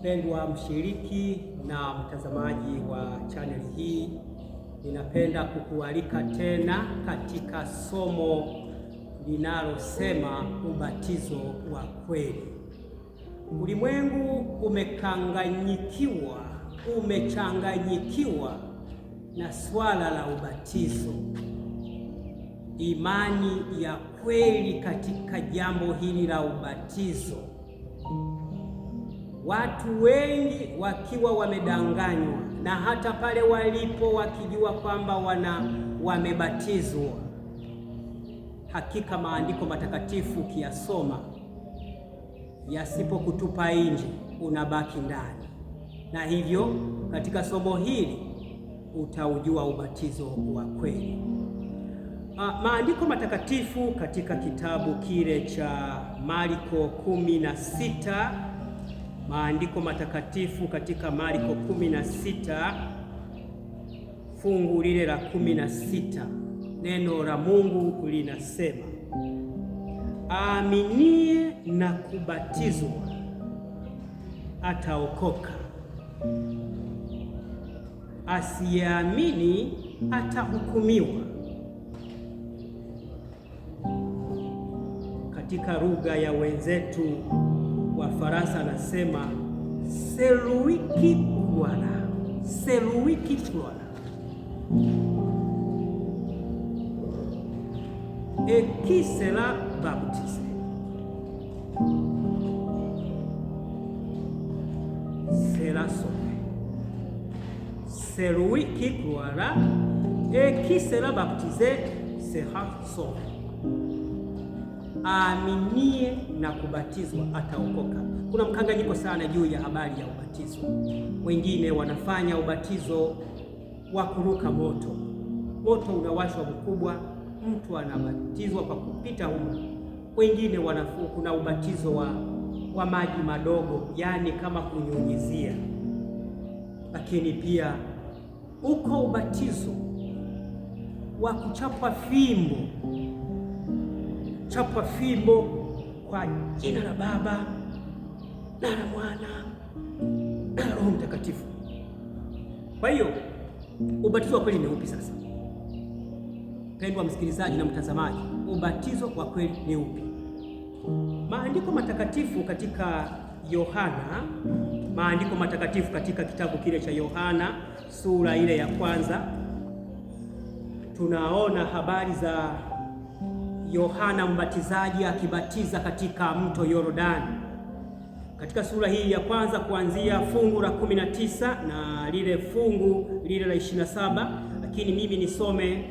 Mpendwa mshiriki na mtazamaji wa chaneli hii, ninapenda kukualika tena katika somo linalosema ubatizo wa kweli. Ulimwengu umekanganyikiwa, umechanganyikiwa na swala la ubatizo. Imani ya kweli katika jambo hili la ubatizo Watu wengi wakiwa wamedanganywa na hata pale walipo wakijua kwamba wana wamebatizwa. Hakika maandiko matakatifu ukiyasoma, yasipokutupa nje, unabaki ndani, na hivyo katika somo hili utaujua ubatizo wa kweli. Ah, maandiko matakatifu katika kitabu kile cha Marko kumi na sita maandiko matakatifu katika Marko 16 fungu lile la 16, neno la Mungu linasema aaminie na kubatizwa ataokoka, asiyeamini atahukumiwa. Katika lugha ya wenzetu Wafaransa anasema seruiki kuala, seruiki kuala et qui sera baptisé. Sera sauvé. Celui qui croira et qui sera baptisé sera sauvé aaminie na kubatizwa ataokoka. Kuna mkanganyiko sana juu ya habari ya ubatizo. Wengine wanafanya ubatizo wa kuruka moto, moto unawashwa mkubwa, mtu anabatizwa kwa kupita humo. Wengine wanafu, kuna ubatizo wa, wa maji madogo, yaani kama kunyunyizia. Lakini pia uko ubatizo wa kuchapwa fimbo chapwa fimbo kwa jina la Baba na la Mwana na la Roho Mtakatifu. Kwa hiyo ubatizo wa kweli ni upi sasa? Pendwa msikilizaji na mtazamaji, ubatizo wa kweli ni upi? Maandiko matakatifu katika Yohana, maandiko matakatifu katika kitabu kile cha Yohana sura ile ya kwanza tunaona habari za Yohana Mbatizaji akibatiza katika mto Yordani. Katika sura hii ya kwanza kuanzia fungu la kumi na tisa na lile fungu lile la ishirini saba lakini mimi nisome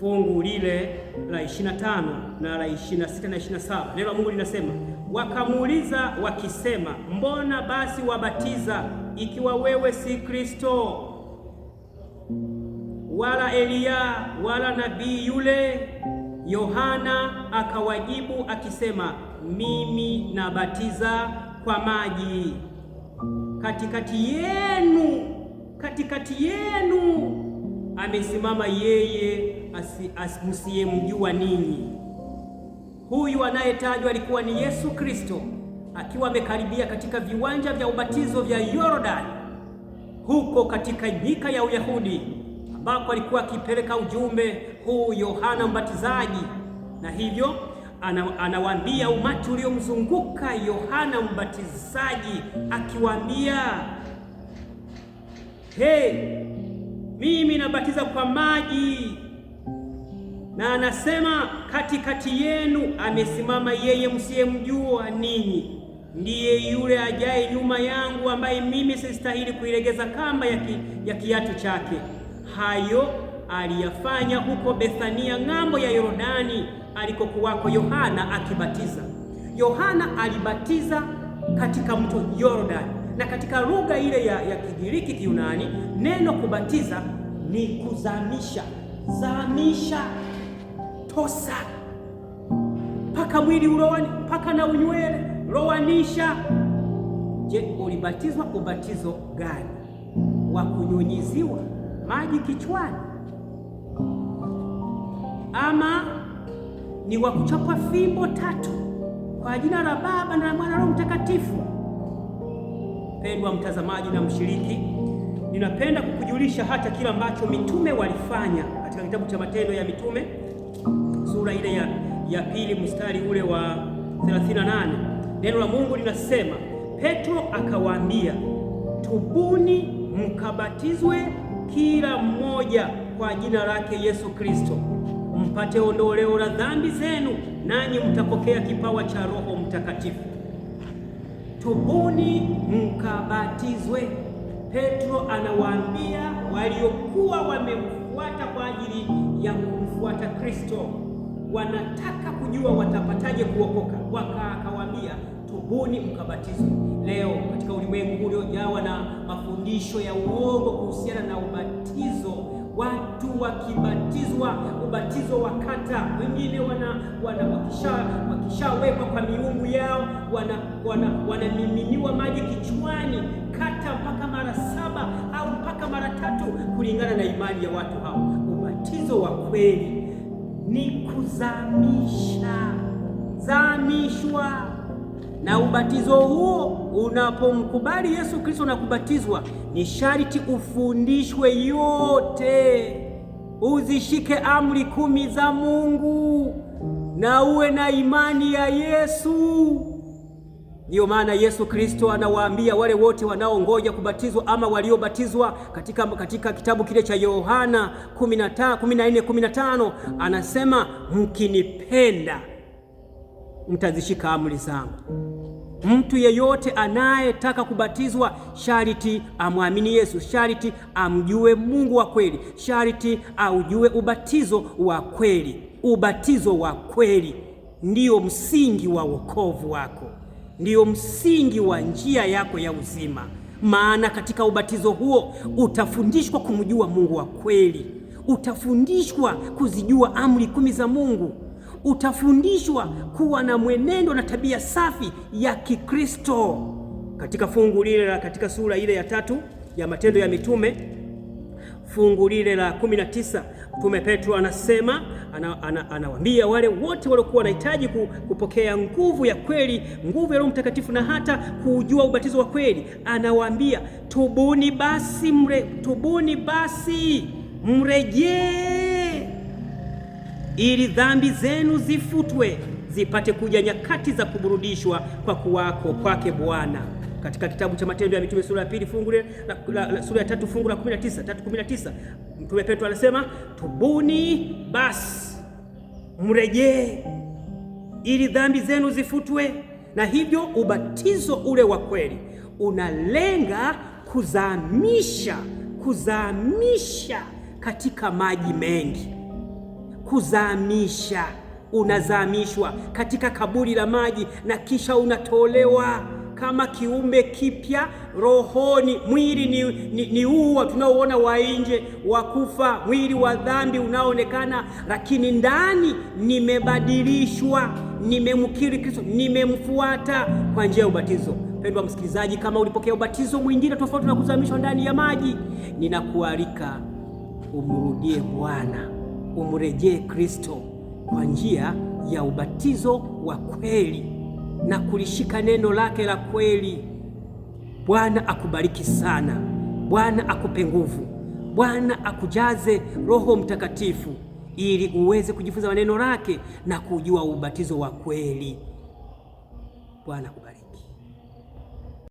fungu lile la 25 na la 26 na 27. Neno la Mungu linasema, wakamuuliza wakisema, mbona basi wabatiza ikiwa wewe si Kristo wala Eliya wala nabii yule? Yohana akawajibu akisema, mimi nabatiza kwa maji, katikati yenu, katikati yenu amesimama yeye msiyemjua ninyi. Huyu anayetajwa alikuwa ni Yesu Kristo, akiwa amekaribia katika viwanja vya ubatizo vya Yordani, huko katika nyika ya Uyahudi, ambako alikuwa akipeleka ujumbe huu Yohana Mbatizaji, na hivyo anawaambia umati uliomzunguka Yohana Mbatizaji akiwaambia, hey, mimi nabatiza kwa maji, na anasema katikati yenu amesimama yeye msiyemjua ninyi, ndiye yule ajaye nyuma yangu, ambaye mimi sistahili kuilegeza kamba ya kiatu chake. Hayo aliyafanya huko Bethania ng'ambo ya Yordani alikokuwako Yohana akibatiza. Yohana alibatiza katika mto Yordani, na katika lugha ile ya, ya Kigiriki Kiunani, neno kubatiza ni kuzamisha, zamisha, tosa mpaka mwili uroani, mpaka na unywele rowanisha. Je, ulibatizwa ubatizo gani? Wa kunyunyiziwa maji kichwani ama ni wa kuchapwa fimbo tatu kwa jina la Baba na la Mwana na Roho Mtakatifu. pendwa mtazamaji na mshiriki, ninapenda kukujulisha hata kila ambacho mitume walifanya katika kitabu cha Matendo ya Mitume sura ile ya, ya pili mstari ule wa 38. Neno la Mungu linasema, Petro akawaambia, tubuni mkabatizwe kila mmoja kwa jina lake Yesu Kristo mpate ondoleo la dhambi zenu, nanyi mtapokea kipawa cha Roho Mtakatifu. Tubuni mkabatizwe. Petro anawaambia waliokuwa wamemfuata kwa ajili ya kumfuata Kristo, wanataka kujua watapataje kuokoka, wakaakawaambia tubuni mkabatizwe. Leo katika ulimwengu uliojawa na mafundisho ya uongo kuhusiana na ubatizo watu wakibatizwa ubatizo wa kata, wengine wana, wana wakishawekwa wakisha kwa miungu yao wanamiminiwa wana, wana maji kichwani kata mpaka mara saba au mpaka mara tatu kulingana na imani ya watu hao. Ubatizo wa kweli ni kuzamisha zamishwa na ubatizo huo unapomkubali Yesu Kristo na kubatizwa, ni sharti ufundishwe yote, uzishike amri kumi za Mungu na uwe na imani ya Yesu. Ndiyo maana Yesu Kristo anawaambia wale wote wanaongoja kubatizwa ama waliobatizwa katika, katika kitabu kile cha Yohana 14 anasema mkinipenda mtazishika amri zangu. Mtu yeyote anayetaka kubatizwa sharti amwamini Yesu, sharti amjue Mungu wa kweli, sharti aujue ubatizo wa kweli. Ubatizo wa kweli ndiyo msingi wa wokovu wako, ndiyo msingi wa njia yako ya uzima, maana katika ubatizo huo utafundishwa kumjua Mungu wa kweli, utafundishwa kuzijua amri kumi za Mungu utafundishwa kuwa na mwenendo na tabia safi ya Kikristo. Katika fungu lile la katika sura ile ya tatu ya Matendo ya Mitume fungu lile la 19 Mtume Petro anasema anawaambia, ana, ana wale wote waliokuwa wanahitaji kupokea nguvu ya kweli, nguvu ya Roho Mtakatifu na hata kuujua ubatizo wa kweli, anawaambia tubuni basi, mre, tubuni basi mrejee ili dhambi zenu zifutwe zipate kuja nyakati za kuburudishwa kwa kuwako kwake Bwana. Katika kitabu cha Matendo ya Mitume sura ya pili fungu sura ya tatu fungu la 19 3:19 Mtume Petro anasema tubuni basi mrejee, ili dhambi zenu zifutwe. Na hivyo ubatizo ule wa kweli unalenga kuzamisha kuzamisha katika maji mengi kuzamisha. Unazamishwa katika kaburi la maji na kisha unatolewa kama kiumbe kipya rohoni. Mwili ni, ni, ni uwa tunaoona wa nje wa kufa, mwili wa dhambi unaoonekana, lakini ndani nimebadilishwa, nimemkiri Kristo, nimemfuata kwa njia ya ubatizo. Mpendwa msikilizaji, kama ulipokea ubatizo mwingine tofauti na kuzamishwa ndani ya maji, ninakualika umrudie Bwana umrejee Kristo kwa njia ya ubatizo wa kweli na kulishika neno lake la kweli. Bwana akubariki sana. Bwana akupe nguvu. Bwana akujaze Roho Mtakatifu ili uweze kujifunza maneno lake na kujua ubatizo wa kweli. Bwana akubariki.